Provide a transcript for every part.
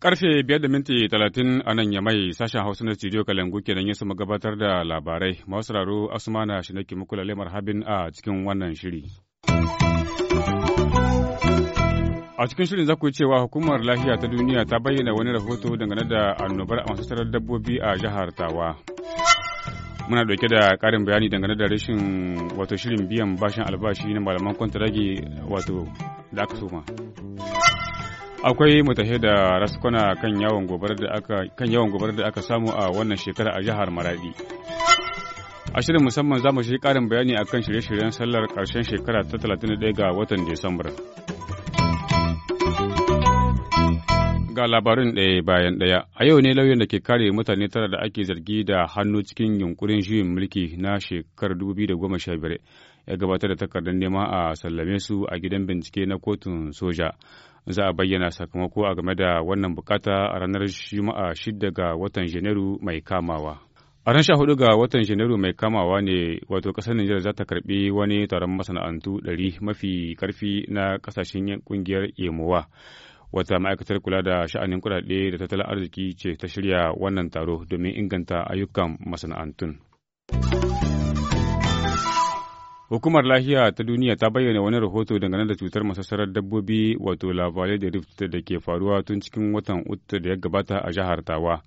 Karfe biyar da minti talatin a nan ya mai sashen Hausa na studio Kalangu kenan ya suma gabatar da labarai. Masu raro Asumana shi nake muku habin a cikin wannan shiri. A cikin shirin za cewa hukumar lafiya ta duniya ta bayyana wani rahoto dangane da annobar a masu tarar dabbobi a jihar Tawa. muna dauke da karin bayani dangane da rashin wato shirin biyan bashin albashi na malaman kwantaragi wato da aka suma. akwai mutahe da raskuna kan yawan gobar da aka samu a wannan shekara a jihar maradi a shirin musamman za mu shi karin bayani akan shirye-shiryen sallar karshen shekara ta 31 ga watan disambar Ga labarin ɗaya bayan ɗaya, a yau ne lauyan da ke kare mutane tara da ake zargi da hannu cikin yunkurin juyin mulki na shekarar 2015 ya gabatar da takardar nema a sallame su a gidan bincike na kotun soja. Za a bayyana sakamako a game da wannan bukata a ranar Juma'a shida ga watan Janairu mai kamawa. A ran sha hudu ga watan Janairu mai kamawa ne wato ƙasar Nijar za ta karbi wani taron masana'antu ɗari mafi karfi na kasashen ƙungiyar Yemowa. wata ma'aikatar kula da sha'anin kudade da tattalin arziki ce ta shirya wannan taro domin inganta ayyukan masana'antun. Hukumar lahiya ta duniya ta bayyana wani rahoto dangane da cutar masassarar dabbobi wato labarai da Rift da ke faruwa tun cikin watan uku da ya gabata a jihar Tawa.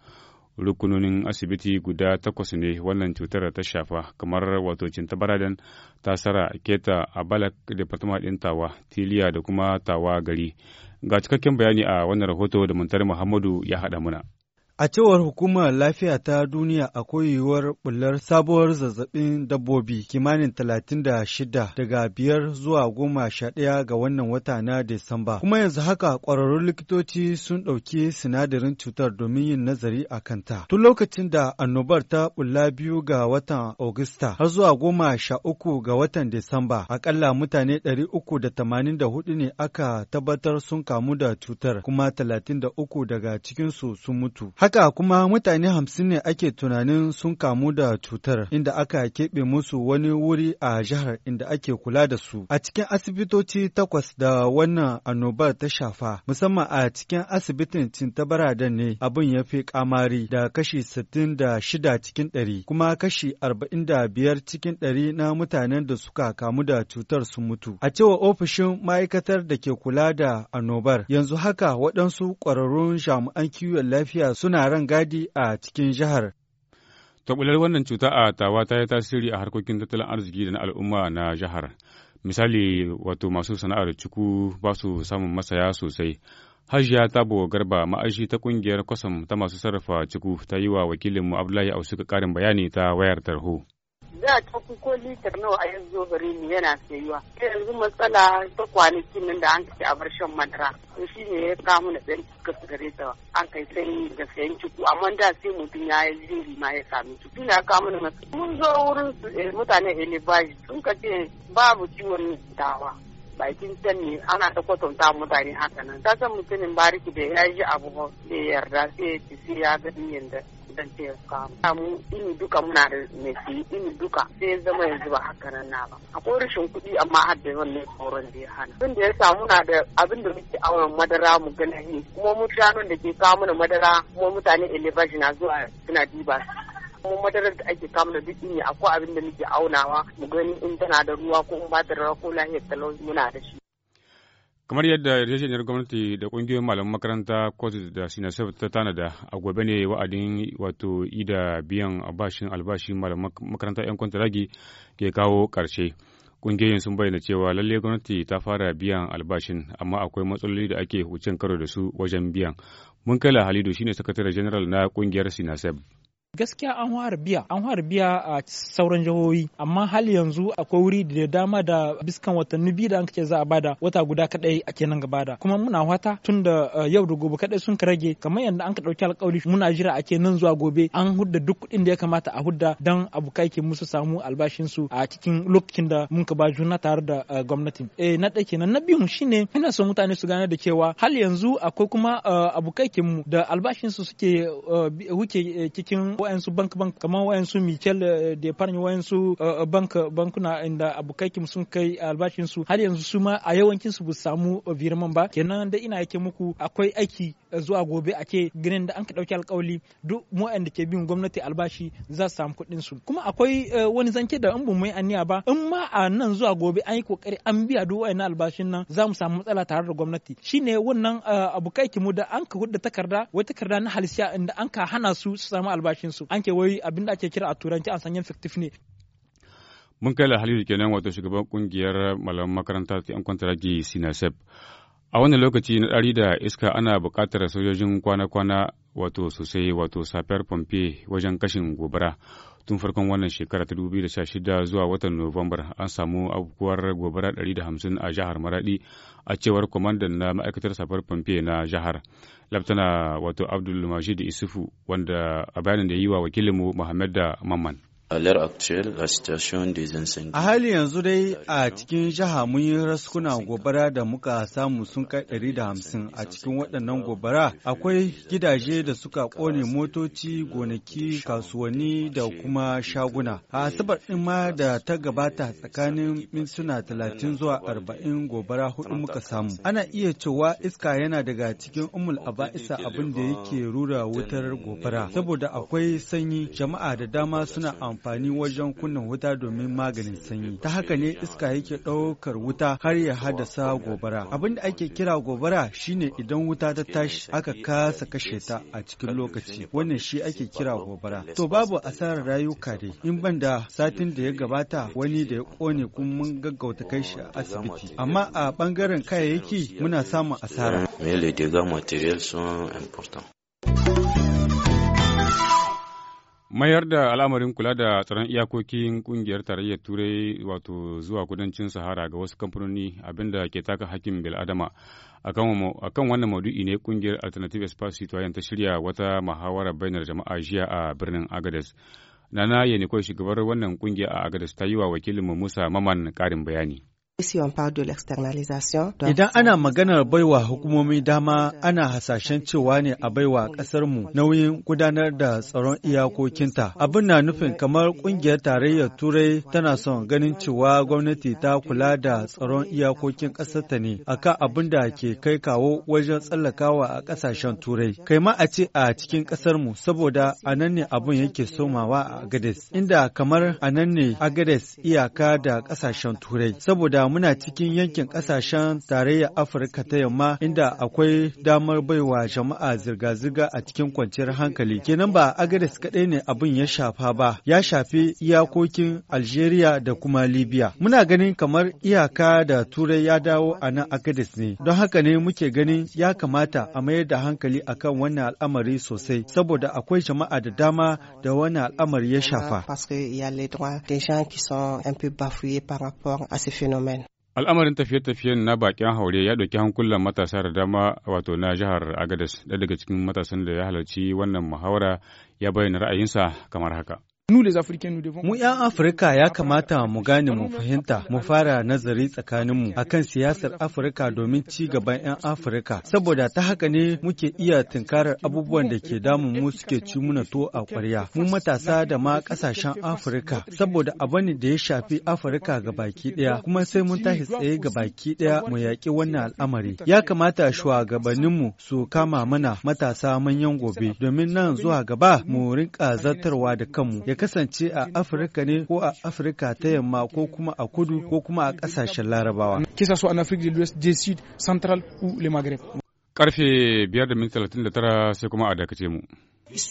Rukunonin asibiti guda takwas ne wannan cutar ta shafa kamar wato baradan Tasara, Keta, a balak ɗin Tawa, Tiliya da kuma Tawa gari. Ga cikakken bayani a wannan rahoto da Muntari Muhammadu ya haɗa muna. A cewar hukumar lafiya ta duniya akwai yiwuwar bullar sabuwar zazzabin dabbobi kimanin 36 daga biyar zuwa goma sha ɗaya ga wannan wata na Disamba. Kuma yanzu haka ƙwararrun likitoci sun ɗauki sinadarin cutar domin yin nazari a kanta. Tun lokacin da annobar ta bulla biyu ga watan Agusta har zuwa goma sha uku ga watan Disamba akalla mutane 384 ne aka tabbatar sun kamu da cutar kuma 33 daga cikinsu sun mutu. Haka kuma mutane hamsin ne ake tunanin sun kamu da cutar inda aka keɓe musu wani wuri a jihar inda ake kula da su. A cikin asibitoci takwas da wannan annobar ta shafa, musamman a cikin asibitin Cintabara da ne abin ya fi kamari da kashi sittin da shida cikin ɗari, kuma kashi arba'in da biyar cikin ɗari na mutanen da suka kamu da cutar sun mutu. A cewa ofishin ma'aikatar da ke kula da annobar, yanzu haka waɗansu ƙwararrun jami'an kiwon lafiya suna yana gadi a cikin jihar. Tabular wannan cuta a tawa ta yi tasiri a harkokin tattalin arziki da na al'umma na jihar. Misali wato masu sana'ar ciku ba su samun masaya sosai. Hajiya Tabo Garba ma'ashi ta ƙungiyar kwasam ta masu sarrafa ciku ta yi wa wakilinmu Abdullahi Ausuka ƙarin bayani ta wayar tarho. da ta ko litar nawa a yanzu birni yana sayuwa yanzu matsala ta kwanaki nan da an kace a bar shan madara to shine ya kama na ɗan cikin gare ta an kai sanyi da sayan ciku amma da sai mutum ya yi jiri ma ya sami ciku na kamu na mun zo wurin eh, mutane elibaji sun kace babu ciwon dawa bakin sani ana ta kwatanta mutane haka nan ta san mutumin bariki da ya yi abu ba yarda sai ya ci sai ya ga yanda zan ce ka mu ini duka muna da mai ini duka sai zama yanzu ba haka nan na ba akwai rashin kuɗi amma har da wannan tsoron da ya hana tun da ya samu na da abin da muke auren madara mu gani kuma mutanen da ke kawo mana madara kuma mutane elevage na zuwa suna diba kuma madarar da ake da duk ne akwai abin da muke aunawa mu gani in tana da ruwa ko in ba ta ko lahiyar talau muna da shi. kamar yadda yarjejeniyar gwamnati da kungiyoyin malaman makaranta kotu da sinasef ta tanada a gobe ne wa'adin wato ida biyan albashin albashin malaman makaranta 'yan kwantaragi ke kawo karshe kungiyoyin sun bayyana cewa lalle gwamnati ta fara biyan albashin amma akwai matsaloli da ake hucin karo da su wajen biyan mun kai halidu shine sakatare general na kungiyar sinasef gaskiya an fara biya an fara biya a sauran jihohi amma hal yanzu akwai wuri da dama da biskan watanni biyu da an kace za a bada wata guda kadai a nan gaba da kuma muna wata tun da eh, yau da gobe kadai sun rage kamar yadda an ka dauki alkawari muna jira a nan zuwa gobe an hudda duk kuɗin da ya kamata a hudda dan abokai ke musu samu albashin su a cikin lokacin da mun ka ba juna tare da eh, gwamnatin eh na da kenan na biyun shine ina son mutane su gane da cewa hal yanzu akwai kuma eh, abokai mu da albashin su suke huke cikin wayansu bank bank kamar wayansu Michel eh, de Parny wayansu eh, eh, bank bankuna inda abokai sun kai albashin su har yanzu su ma a yawancin su bu samu virman ba kenan da ina yake muku akwai aiki zuwa gobe ake ganin da an ka ɗauki alkawali duk da ke bin gwamnati albashi za su samu kuɗin su kuma akwai eh, wani zance da in bamu yi aniya ba in ma a nan zuwa gobe an yi kokari an biya duk wayannan albashin nan za mu samu matsala tare da gwamnati shine wannan eh, abu kai mu da an ka hudda takarda wai takarda na halisiya inda an ka hana su su samu albashin su an ke wai abin da ake kira a turanci an sanya fictive ne mun kai halilu kenan wato shugaban kungiyar malaman makaranta ta yan kwantaragi sinasep A wani lokaci na ɗari da iska ana buƙatar sojojin kwana-kwana wato sosai wato safiyar pompe wajen kashin gobara. Tun farkon wannan shekara ta 2016 zuwa watan Nuwambar an samu abubuwar gobara da hamsin a jihar maraɗi a cewar kwamandan na ma'aikatar safiyar pompe na jihar. Laftana wato Abdul Majid Isufu wanda a bayanin da yi wa wakilinmu Muhammad da Mamman. A hali yanzu dai a cikin jiha mun yi raskuna gobara da muka samu sun kai ɗari da hamsin a cikin waɗannan gobara akwai gidaje da suka ƙone motoci gonaki kasuwanni da kuma shaguna. A asabar ɗin ma da ta gabata tsakanin mintuna talatin zuwa arba'in gobara hudu muka samu. Ana iya cewa iska yana daga cikin umul aba'isa abin da yake rura wutar gobara saboda akwai sanyi jama'a da dama suna amfani amfani wajen kunna wuta domin maganin sanyi. Ta haka ne iska yake ɗaukar wuta har ya haddasa gobara. Abin da ake kira gobara shine idan wuta ta tashi aka kasa kashe ta a cikin lokaci. Wannan shi ake kira gobara. To babu asarar rayuka dai. In ban da satin da ya gabata wani da ya kone kuma mun gaggauta kai shi a asibiti. Amma a bangaren kayayyaki muna samun asara. Mais les dégâts matériels sont mayar da al'amarin kula da tsaron iyakokin kungiyar tarayyar turai wato zuwa kudancin sahara ga wasu kamfanoni abinda ke taka hakkin bil'adama akan wannan maudu'i ne kungiyar alternative espace citoyen ta shirya wata muhawarar bainar jama'a jiya a birnin agadez nana yanikoi shugabar wannan kungiya a agadez ta yi wa wakilinmu musa maman karin bayani Idan ana maganar baiwa hukumomi dama ana hasashen cewa ne a baiwa ƙasarmu nauyin gudanar da tsaron iyakokinta. Abin na nufin kamar ƙungiyar tarayyar Turai tana son ganin cewa gwamnati ta kula da tsaron iyakokin ƙasarta ne akan abin da ke kai kawo wajen tsallakawa a ƙasashen Turai. Kai ma a ce a cikin ƙasarmu saboda a nan ne abin yake somawa a Agades, inda kamar a nan ne Agades iyaka da ƙasashen Turai saboda muna cikin yankin ƙasashen tarayyar Afirka ta yamma inda akwai damar baiwa jama'a zirga-zirga a cikin kwanciyar hankali. Kenan ba agades kaɗai ne abin ya shafa ba, ya shafi iyakokin Algeria da kuma Libya. Muna ganin kamar iyaka da Turai ya dawo a nan Agadez ne. Don haka ne muke ganin ya kamata a mayar da hankali akan wannan al'amari sosai, saboda akwai jama'a da dama da wannan al'amari ya shafa. Parce qu'il y a les droits des gens qui sont un peu bafouillés par rapport à ces phénomènes. Al'amarin tafiye-tafiyen na bakin haure ya ɗauki hankulan matasa da dama wato na jihar agadas ɗaya daga cikin matasan da ya halarci wannan muhawara ya bayyana ra'ayinsa kamar haka. Mu 'yan Afirka ya kamata mu gane mu fahimta mu fara nazari tsakaninmu akan siyasar Afirka domin ci gaban 'yan Afirka. Saboda ta haka ne muke iya tunkarar abubuwan da ke damun mu suke ci muna to a ƙwarya. Mu matasa da ma ƙasashen Afirka. Saboda abu ne da ya shafi Afirka ga baki ɗaya kuma sai mun tashi tsaye ga baki ɗaya mu yaƙi wannan al'amari. Ya kamata shugabanninmu su kama mana matasa manyan gobe domin nan zuwa gaba mu riƙa zartarwa da kanmu. kasance a Afirka ne ko a Afirka ta yamma ko kuma a kudu ko kuma a ƙasashen Larabawa. Kisa su an Afirka da USJ Central, ou le magreb Karfe biyar da minti tara sai kuma a dakace mu. Kalangu.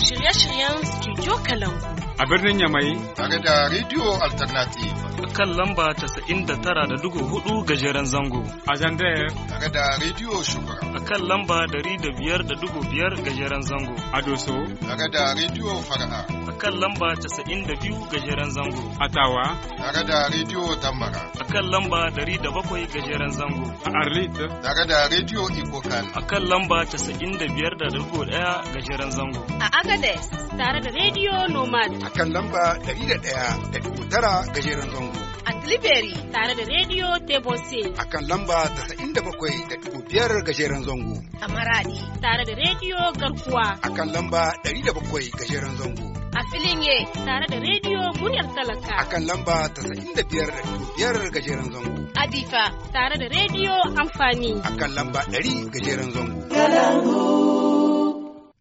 Shirye-shiryen Studio Kalangu. A birnin Yamai. Tare da Radio Alternative. Kan lamba tara da dugu hudu gajeren zango. A Zandaya. Tare da Radio Shugaba. A kan lamba dari da da dugu biyar gajeren zango. A Doso. Tare da Radio Fara'a. A kan lamba biyu gajeren zango. A Tawa. Tare da Radio Tambara. A kan lamba dari da bakwai gajeren zango. A Arlit. Tare da Radio Ikokan. A kan lamba 95 ga gajeren zango. A Agades tare da Radio Nomad. A kan lamba ga gajeren zango. and Delivery tare da Radio Table A kan lamba 97.5 gajeren zango. A Maradi tare da Radio Garkuwa. A kan lamba 107 gajeren zango. A filin ye tare da Radio Muryar Talaka. A kan lamba 95.5 gajeren zango. A Difa tare da Radio Amfani. A kan lamba 100 gajeren zango. Galangu.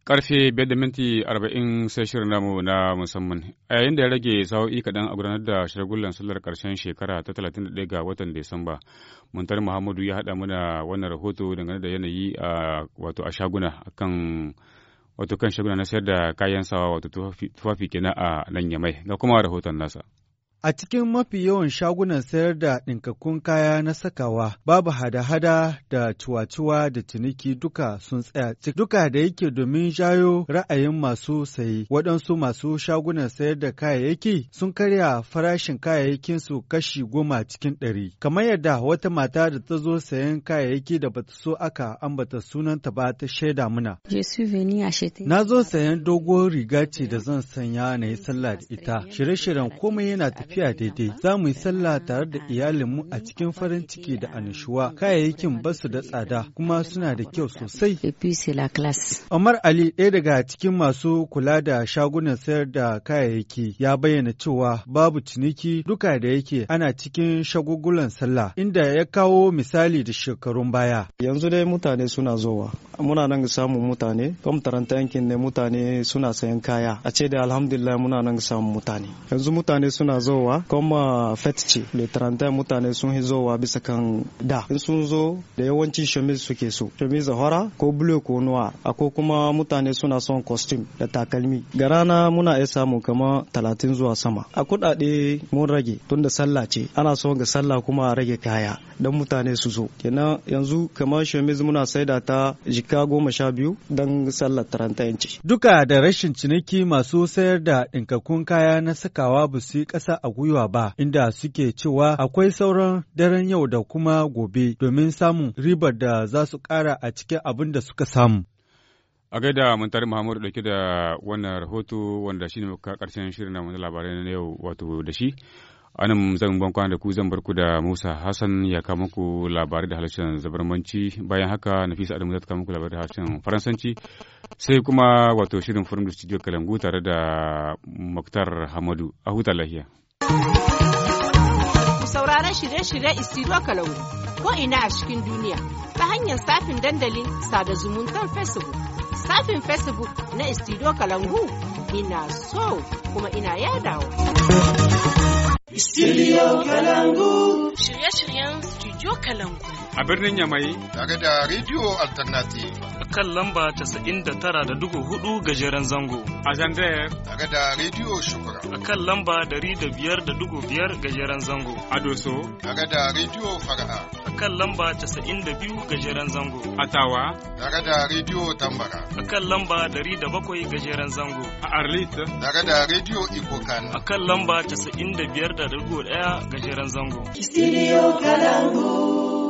Karfe biyar da minti arba'in sai shirin namu na musamman. A yayin da ya rage sa'o'i kaɗan a gudanar da shirgullan sallar ƙarshen shekara ta talatin da ɗaya ga watan desamba Muntar Muhammadu ya haɗa mana wannan rahoto dangane da yanayi a wato a shaguna akan wato kan shaguna na sayar da kayan sawa wato tufafi kenan a nan Yamai. Ga kuma rahoton nasa. A cikin mafi yawan shagunan sayar da ɗinkakkun kaya na sakawa, babu hada-hada da cuwa-cuwa da ciniki duka sun tsaya cik. Duka da yake domin jayo ra'ayin masu saye, waɗansu masu shagunan sayar da kayayyaki sun karya farashin kayayyakinsu kashi goma cikin ɗari. Kamar yadda wata mata da ta zo sayan kayayyaki da bata so aka ambata sunanta ba ta shaida muna. Na zo sayan dogon riga ce da zan sanya na yi sallah da ita. Shirye-shiryen komai yana tafiya. lafiya daidai za mu yi sallah tare da iyalinmu a cikin farin ciki da anishuwa kayayyakin ba su da tsada kuma suna da kyau sosai Omar Ali ɗaya daga cikin masu kula da shagunan sayar da kayayyaki ya bayyana cewa babu ciniki duka da yake ana cikin shagugulan sallah inda ya kawo misali da shekarun baya yanzu dai mutane suna zowa muna nan samun mutane taranta yankin ne mutane suna sayan kaya a ce da alhamdulillah muna nan samun mutane yanzu mutane suna zowa hizowa kuma fet ce le 31 mutane sun wa bisa kan da in sun zo da yawanci shamis suke so shamis da hora ko blue ko noir ako kuma mutane suna son costume da takalmi ga rana muna iya samu kama talatin zuwa sama a kudade mun rage tunda sallah ce ana son ga sallah kuma a rage kaya dan mutane su zo kenan yanzu kamar shamis muna saida ta jika goma sha biyu dan sallah taranta inci duka da rashin ciniki masu sayar da ɗinkakkun kaya na sakawa ba kasa ƙasa a gwiwa ba, inda suke cewa akwai sauran daren yau da kuma gobe domin samun ribar da za su kara a cikin abin da suka samu. A gaida Muntari Muhammadu dauke da wannan rahoto wanda shi ne muka karshen shirin na labarai na yau wato da shi. A zan ban kwana da ku zan barku da Musa Hassan ya kama ku labarai da harshen zabarmanci bayan haka Nafisa Adamu za ta kama ku labarai da harshen Faransanci sai kuma wato shirin furin da Studio Kalangu tare da Muktar Hamadu a huta lahiya. Ku sauraron shirye-shirye Isidro Kalangu ko ina a cikin duniya ta hanyar safin dandalin sada zumuntar Facebook. Safin Facebook na Isidro Kalangu ina so kuma ina yadawa. Studio Kalangu. Shirye-shiryen Studio Kalangu. A birnin Yamai. Tare da Radio Alternative. A kan lamba tara da dugu hudu gajeren zango. A Zandayar. Tare da Radio Shukura. A kan lamba dari da da biyar gajeren zango. A Doso. Tare da Radio Fara'a. a kan lamba 92 gajeren zango. A Tawa. Daga da radio Tambara. A kan lamba 107 gajeren zango. A Arlita. Daga da Radio Ikokan. A kan lamba 95.1 gajeren zango. Studio Kalangu.